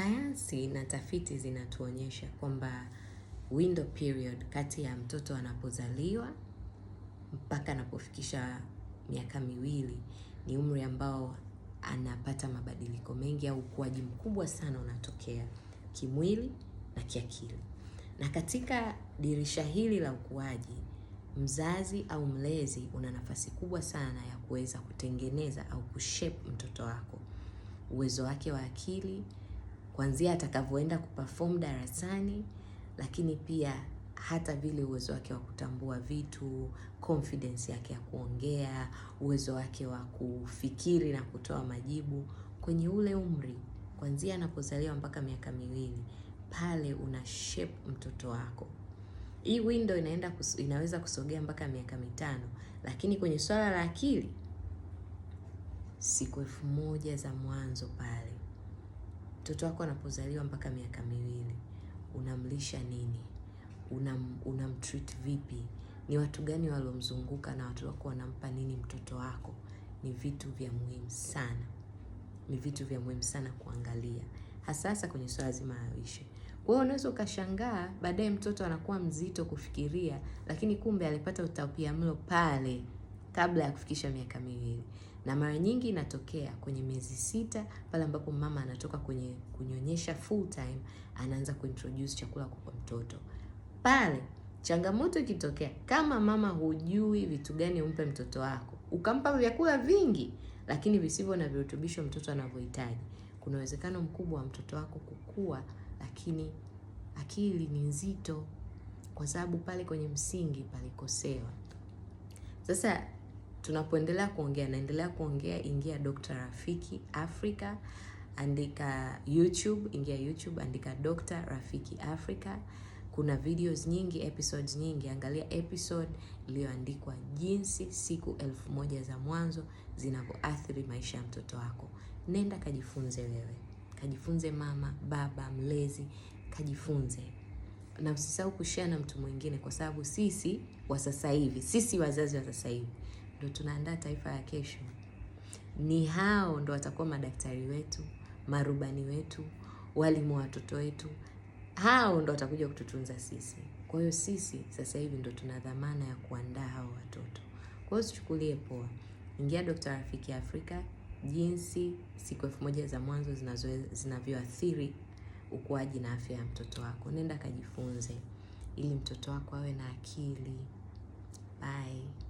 sayansi na tafiti zinatuonyesha kwamba window period kati ya mtoto anapozaliwa mpaka anapofikisha miaka miwili ni umri ambao anapata mabadiliko mengi au ukuaji mkubwa sana unatokea kimwili na kiakili. Na katika dirisha hili la ukuaji, mzazi au mlezi una nafasi kubwa sana ya kuweza kutengeneza au kushape mtoto wako, uwezo wake wa akili, kuanzia atakavyoenda kuperform darasani, lakini pia hata vile uwezo wake wa kutambua vitu, confidence yake ya kuongea, uwezo wake wa kufikiri na kutoa majibu kwenye ule umri, kuanzia anapozaliwa mpaka miaka miwili, pale una shape mtoto wako. Hii window inaenda kus, inaweza kusogea mpaka miaka mitano, lakini kwenye swala la akili siku elfu moja za mwanzo pale mtoto wako anapozaliwa mpaka miaka miwili unamlisha nini? Unam, unamtreat vipi? Ni watu gani waliomzunguka na watu wako wanampa nini mtoto wako? Ni vitu vya muhimu sana, ni vitu vya muhimu sana kuangalia, hasa hasa kwenye swala zima la lishe. Kwa hiyo unaweza ukashangaa baadaye mtoto anakuwa mzito kufikiria, lakini kumbe alipata utapiamlo pale kabla ya kufikisha miaka miwili na mara nyingi inatokea kwenye miezi sita pale ambapo mama anatoka kwenye kunyonyesha full time, anaanza kuintroduce chakula kwa mtoto. Pale changamoto ikitokea, kama mama hujui vitu gani umpe mtoto wako, ukampa vyakula vingi lakini visivyo na virutubisho mtoto anavyohitaji, kuna uwezekano mkubwa wa mtoto wako kukua, lakini akili ni nzito, kwa sababu pale kwenye msingi palikosewa. Sasa Tunapoendelea kuongea, naendelea kuongea, ingia Dr. Rafiki Africa, andika YouTube, ingia YouTube, andika Dr. Rafiki Africa. Kuna videos nyingi, episodes nyingi. Angalia episode iliyoandikwa jinsi siku elfu moja za mwanzo zinavyoathiri maisha ya mtoto wako. Nenda kajifunze wewe, kajifunze mama, baba, mlezi, kajifunze na usisahau kushare na mtu mwingine, kwa sababu sisi wa sasa hivi, sisi wazazi wa sasa hivi ndo tunaandaa taifa ya kesho. Ni hao ndo watakuwa madaktari wetu, marubani wetu, walimu wa watoto wetu. Hao ndo watakuja kututunza sisi. Kwa hiyo sisi sasa hivi ndo tuna dhamana ya kuandaa hao watoto. Kwa hiyo usichukulie poa. Ingia Dr. Rafiki Afrika, jinsi siku elfu moja za mwanzo zinavyoathiri ukuaji na afya ya mtoto wako. Nenda kajifunze ili mtoto wako awe na akili. Bye.